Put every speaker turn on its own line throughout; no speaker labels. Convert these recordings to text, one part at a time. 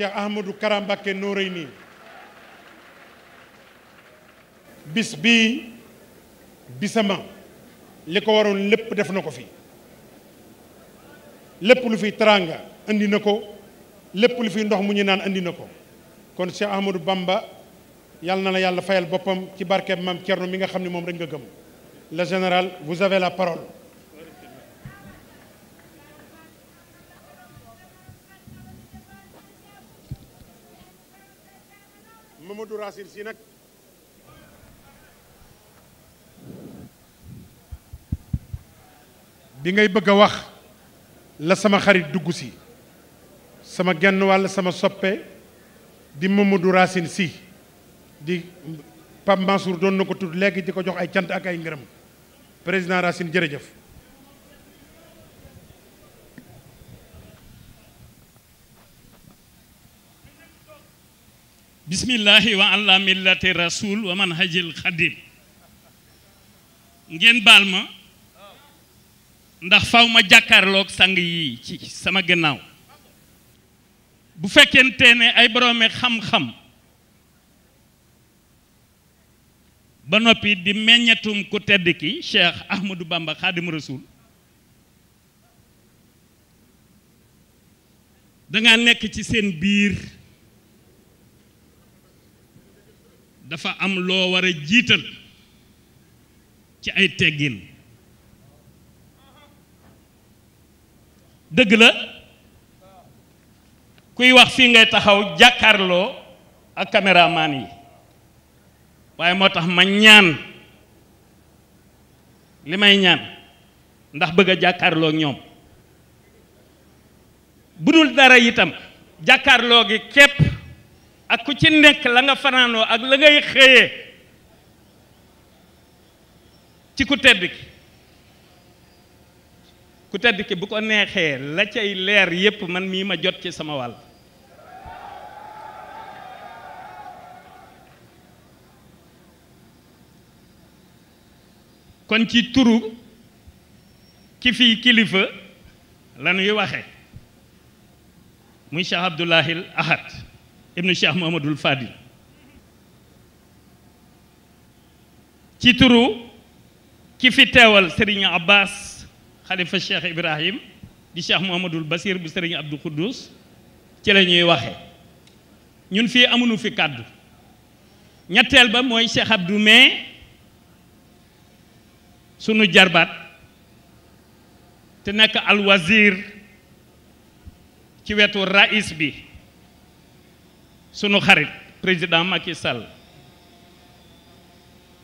Cheikh Ahmadou Kara Mbacké Noreyni bis bii bisama li ko waroon lépp def na ko fi lépp lu fi teraanga indi na ko lépp lu fi ndox mu ñu naan indi na ko kon Cheikh Ahmadou Bamba yàlla na la yàlla fayal boppam ci barkeeb maam Thierno mi nga xam ne moom rek nga gëm le général vous avez la parole Mamadou Racine si nag bi ngay bëgg a wax la sama xarit dugg si sama genn wàll sama soppe di Mamadou Racine si di Pape Mansour doon na ko tudd léegi di ko jox ay cant ak ay ngërëm président Racine jërëjëf
bismillahi wa ala millati rasul wa man hajil xadim ngeen baal ma ndax faw ma jàkkarlook sang yi ci sama gannaaw bu fekkente ne ay boroomi xam-xam ba noppi di meññatum ku tedd ki Cheikh Ahmadou Bamba Xaadimu Rasuul danga nekk ci seen biir dafa am loo war a jiital ci ay teggin dëgg la kuy wax fii ngay taxaw jàkkarloo ak caméraman yi waaye moo tax ma ñaan li may ñaan ndax bëgg a jàkkaarloo ñoom bu dul dara itam jàkkaarloo gi képp ak ku ci nekk la nga fanaanoo ak la ngay xëyee ci ku tedd ki ku tedd ki bu ko neexee la cay leer yépp man mii ma jot ci sama wàll kon ci turu ki fii kilifa la ñuy waxe muy Cheikh Abdoulahil Ahad ibnu cheikh mohamadul fadil ci turu ki fi teewal sëriñ abbas xalifa cheikh ibrahim di cheikh mohamadul basir bu sëriñ abdou xuddus ci la ñuy waxe ñun fii amuñu fi kàddu ñetteel ba mooy cheikh abdou mais sunu jarbaat te nekk alwazir ci wetu rais bi sunu xarit président Macky Sall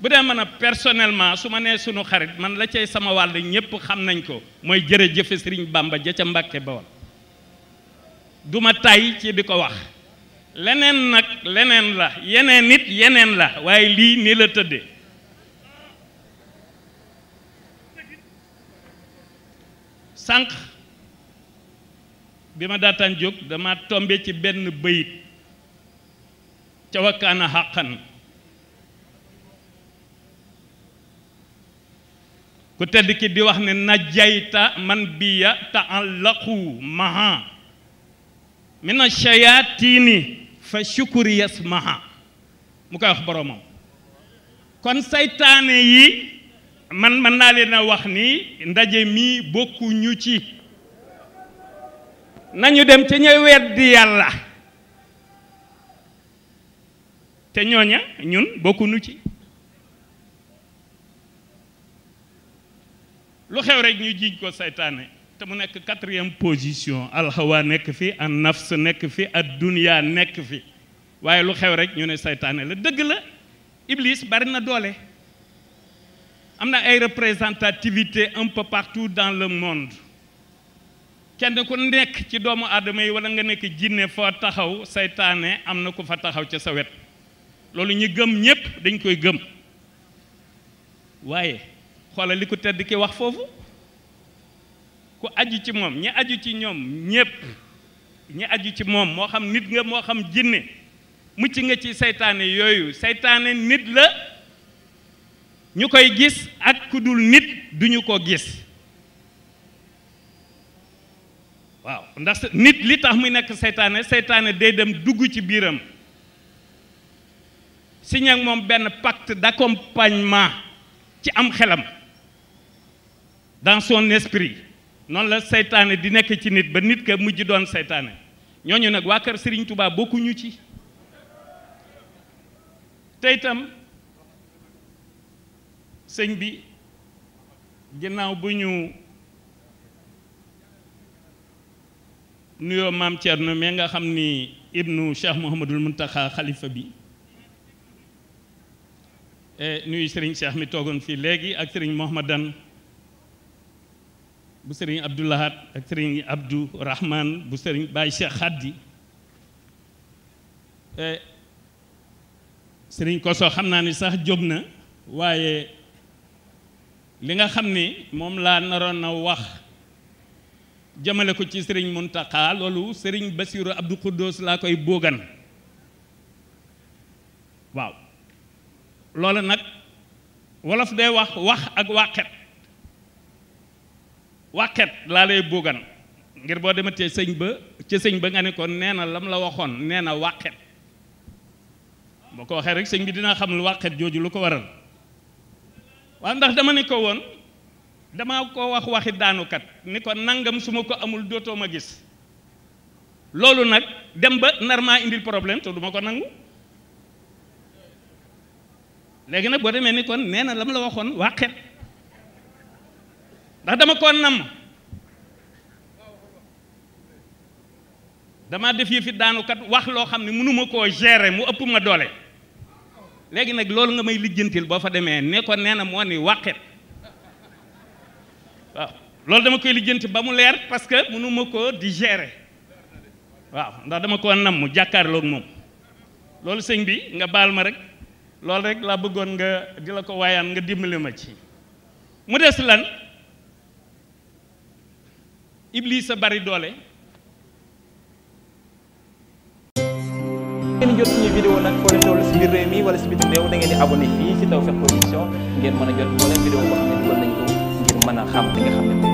bu dee mën a personnellement su ma nee sunu xarit man la cay sama wàll ñépp xam nañ ko mooy jërëjëfe Sëriñ Bàmba ja ca Mbàkke Bawol duma ma ci di ko wax leneen nag leneen la yeneen nit yeneen la waaye lii nii la tëdde sànq bi ma daataan jóg dama tombe ci benn bëyit ca wakkaana xàqan ku tedd ki di wax na najayta man biya taallaqu maha min ashayatini fa shukuri yasmaha mu koy wax boromam kon saytaane yi man mën naa leen a wax ni ndaje mi bokkuñu ci nañu dem ca ñay weddi yàlla te ñooña ñun bokkunu ci lu xew rek ñu jiiñ ko seytaane te mu nekk quatrième position alxawaa nekk fi an nafs nekk fi ad dunya nekk fi waaye lu xew rek ñu ne saytaane la dëgg la ibliis bari na doole am na ay représentativité un peu partout dans le monde kenn ku nekk ci doomu aadama yi wala nga nekk jinne foo taxaw seytaane am na ko fa taxaw ca sa wet loolu ñu gëm ñépp dañ koy gëm waaye xoolal li ko tedd ki wax foofu ku aju ci moom ñi aju ci ñoom ñépp ñi aju ci moom moo xam nit nga moo xam jinne mucc nga ci seytaane yooyu seytaane nit la ñu koy gis ak ku dul nit duñu ko gis waaw ndax nit li tax muy nekk seytaane seytaane day dem dugg ci biiram signé ak moom benn pacte d'accompagnement ci am xelam dans son esprit noonu la seytaane di nekk ci nit ba nit ka mujj doon seytaane ñooñu nag waa kër Serigne Touba bokkuñu ci te itam sëñ bi ginnaaw bu ñu nuyoo maam Thierno mais nga xam ni ibnu Cheikh Mouhamadul Muntaxa xalifa bi E, nuyu sëriñ Cheikh mi toogoon fii léegi ak sëriñ Mohamadan bu sëriñ Abdoulahat ak sëriñ Abdou bu sëriñ Baye Cheikh Khadi e, sëriñ Koso xam naa ni sax jóg na waaye li nga xam ni moom laa naroon na wax jëmale ko ci sëriñ Mountakha loolu sëriñ Bassirou Abdou Khoudoss laa koy boogan waaw loola nag wolof day wax wax ak wàqet wàqet laa lay buggan ngir boo dematee sëñ ba ci sëñ ba nga ne ko nee na lam la waxoon nee na wàqet boo ko waxee rek sëñ bi dinaa xam lu wàqet jooju lu ko waral waaw ndax dama ne ko woon dama ko wax waxi daanukat ni ko nangam su ma ko amul dootoo ma gis loolu nag dem ba nar maa indil problème te du ma ko nangu léegi nag boo demee ni kon nee na la mu la waxoon wàqet ndax dama koo nam dama def yëfi daanukat wax loo xam ne mënuma koo gérer mu ëpp ma doole léegi nag loolu nga may lijjantil boo fa demee ne nee na moo ni wàqet waaw loolu dama koy lijjanti ba mu leer parce que mënuma koo di gérer waaw ndax dama koo namm jàkkaarloog moom loolu sëñ bi nga baal ma rek loolu rek laa bëggoon nga di la ko waayaan nga dimbali ma ci mu des lan Iblis sa bari doole. ngeen jot suñu vidéo nag foo leen si biir réew mi wala si biti ngeen mën a jot moo leen vidéo boo xam ngir mën a xam li xam